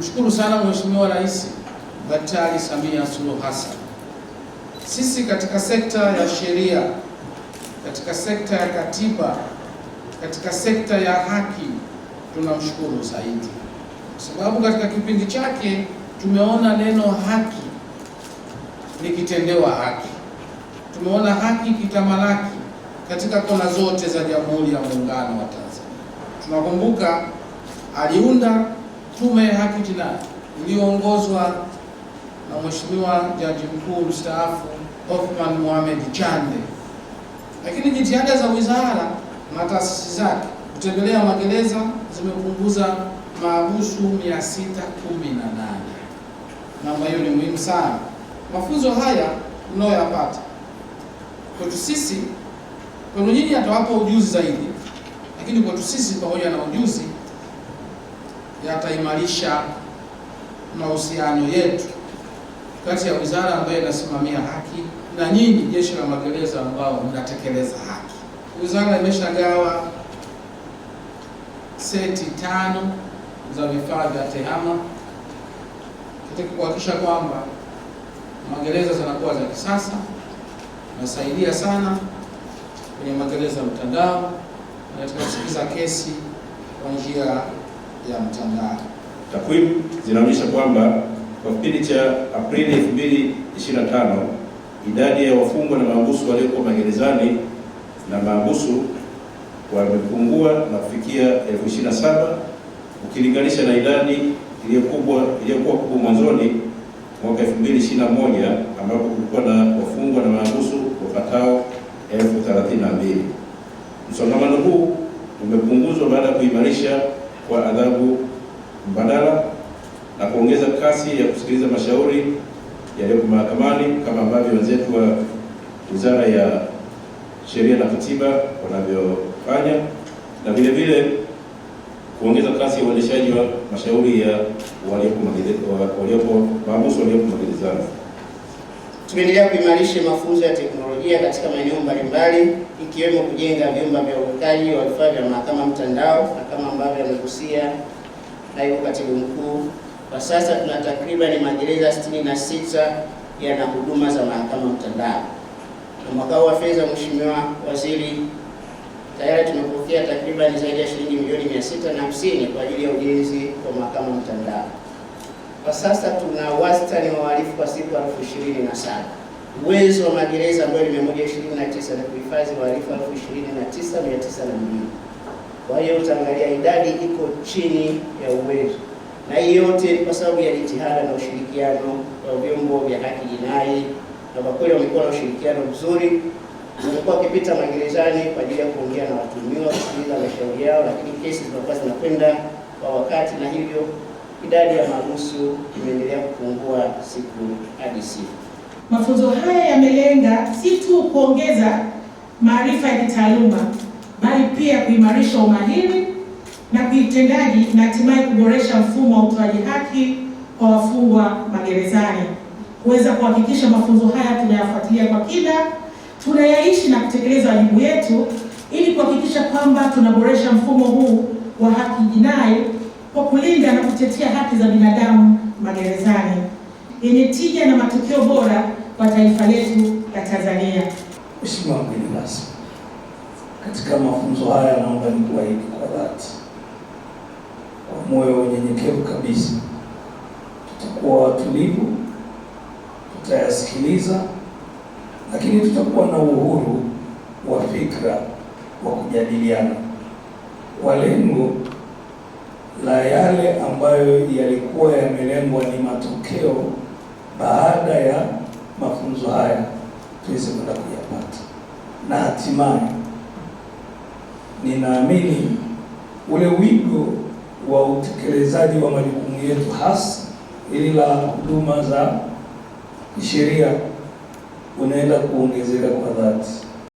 mshukuru sana Mheshimiwa Rais Daktari Samia Suluhu Hassan. Sisi katika sekta ya sheria, katika sekta ya katiba, katika sekta ya haki tunamshukuru zaidi, kwa sababu katika kipindi chake tumeona neno haki likitendewa haki, tumeona haki kitamalaki katika kona zote za Jamhuri ya Muungano wa Tanzania. Tunakumbuka aliunda Tume ya Haki Jinai iliyoongozwa na Mheshimiwa Jaji Mkuu mstaafu Othman Mohamed Chande, lakini jitihada za wizara na taasisi zake kutembelea magereza zimepunguza mahabusu 618 na hiyo ni muhimu sana. Mafunzo haya mnayoyapata kwetu sisi, kwenu nyinyi atawapa ujuzi zaidi, lakini kwetu sisi pamoja na ujuzi yataimarisha mahusiano yetu kati ya wizara ambayo inasimamia haki na nyinyi jeshi la magereza ambao mnatekeleza haki. Wizara imeshagawa seti tano za vifaa vya TEHAMA katika kuhakikisha kwamba magereza zinakuwa za kisasa. Nasaidia sana kwenye magereza mtandao na katika kusikiza kesi kwa njia ya mtandao. Takwimu zinaonyesha kwamba kwa kipindi cha Aprili 2025 idadi ya wafungwa na mahabusu waliokuwa magerezani na mahabusu wamepungua na kufikia 27 ukilinganisha na idadi iliyokuwa iliyokuwa kubwa mwanzoni mwaka 2021 ambapo kulikuwa na wafungwa na mahabusu wapatao elfu Msongamano huu umepunguzwa baada ya kuimarisha kwa adhabu mbadala na kuongeza kasi ya kusikiliza mashauri yaliyopo mahakamani kama ambavyo wenzetu wa Wizara ya Sheria na Katiba wanavyofanya, na vile vile kuongeza kasi ya uendeshaji wa mashauri ya waliopo maamuzi waliopo magerezani. Tumeendelea kuimarisha mafunzo ya teknolojia katika maeneo mbalimbali ikiwemo kujenga vyumba vya uwekaji wa vifaa vya mahakama mtandao, na kama ambavyo amegusia naibu katibu mkuu, kwa sasa tuna takriban magereza 66 yana huduma za mahakama mtandao, na mwaka wa fedha, Mheshimiwa Waziri, tayari tumepokea takriban zaidi ya shilingi milioni 650 kwa ajili ya ujenzi wa mahakama mtandao. Kwa sasa tuna wastani wa wahalifu kwa siku elfu ishirini na saba. Uwezo wa magereza ambayo ni 129 na kuhifadhi wahalifu elfu ishirini na tisa mia tisa na mbili. Kwa hiyo utaangalia idadi iko chini ya uwezo, na hii yote ni kwa sababu ya jitihada na ushirikiano wa vyombo vya haki jinai, na kwa kweli wamekuwa na ushirikiano mzuri umekuwa wakipita magerezani kwa ajili ya kuongea na watumiwa kusikiliza mashauri yao, lakini kesi zinakuwa zinakwenda kwa wakati na hivyo idadi ya magusu imeendelea kupungua siku hadi siku. Mafunzo haya yamelenga si tu kuongeza maarifa ya kitaaluma, bali pia kuimarisha umahiri na kiutendaji na hatimaye kuboresha mfumo wa utoaji haki kwa wafungwa magerezani. Kuweza kuhakikisha mafunzo haya tunayafuatilia kwa kina, tunayaishi na kutekeleza wajibu yetu ili kuhakikisha kwamba tunaboresha mfumo huu wa haki jinai kwa kulinda na kutetea haki za binadamu magerezani yenye tija na matokeo bora kwa taifa letu la Tanzania. Mheshimiwa mgeni rasmi, katika mafunzo haya naomba nikuahidi kwa dhati, kwa moyo unyenyekevu kabisa, tutakuwa watulivu, tutayasikiliza, lakini tutakuwa na uhuru wa fikra wa kujadiliana kwa lengo la yale ambayo yalikuwa yamelengwa ni matokeo baada ya mafunzo haya tuweze kwenda kuyapata, na hatimaye ninaamini ule wigo wa utekelezaji wa majukumu yetu hasa ili la huduma za kisheria unaenda kuongezeka kwa dhati.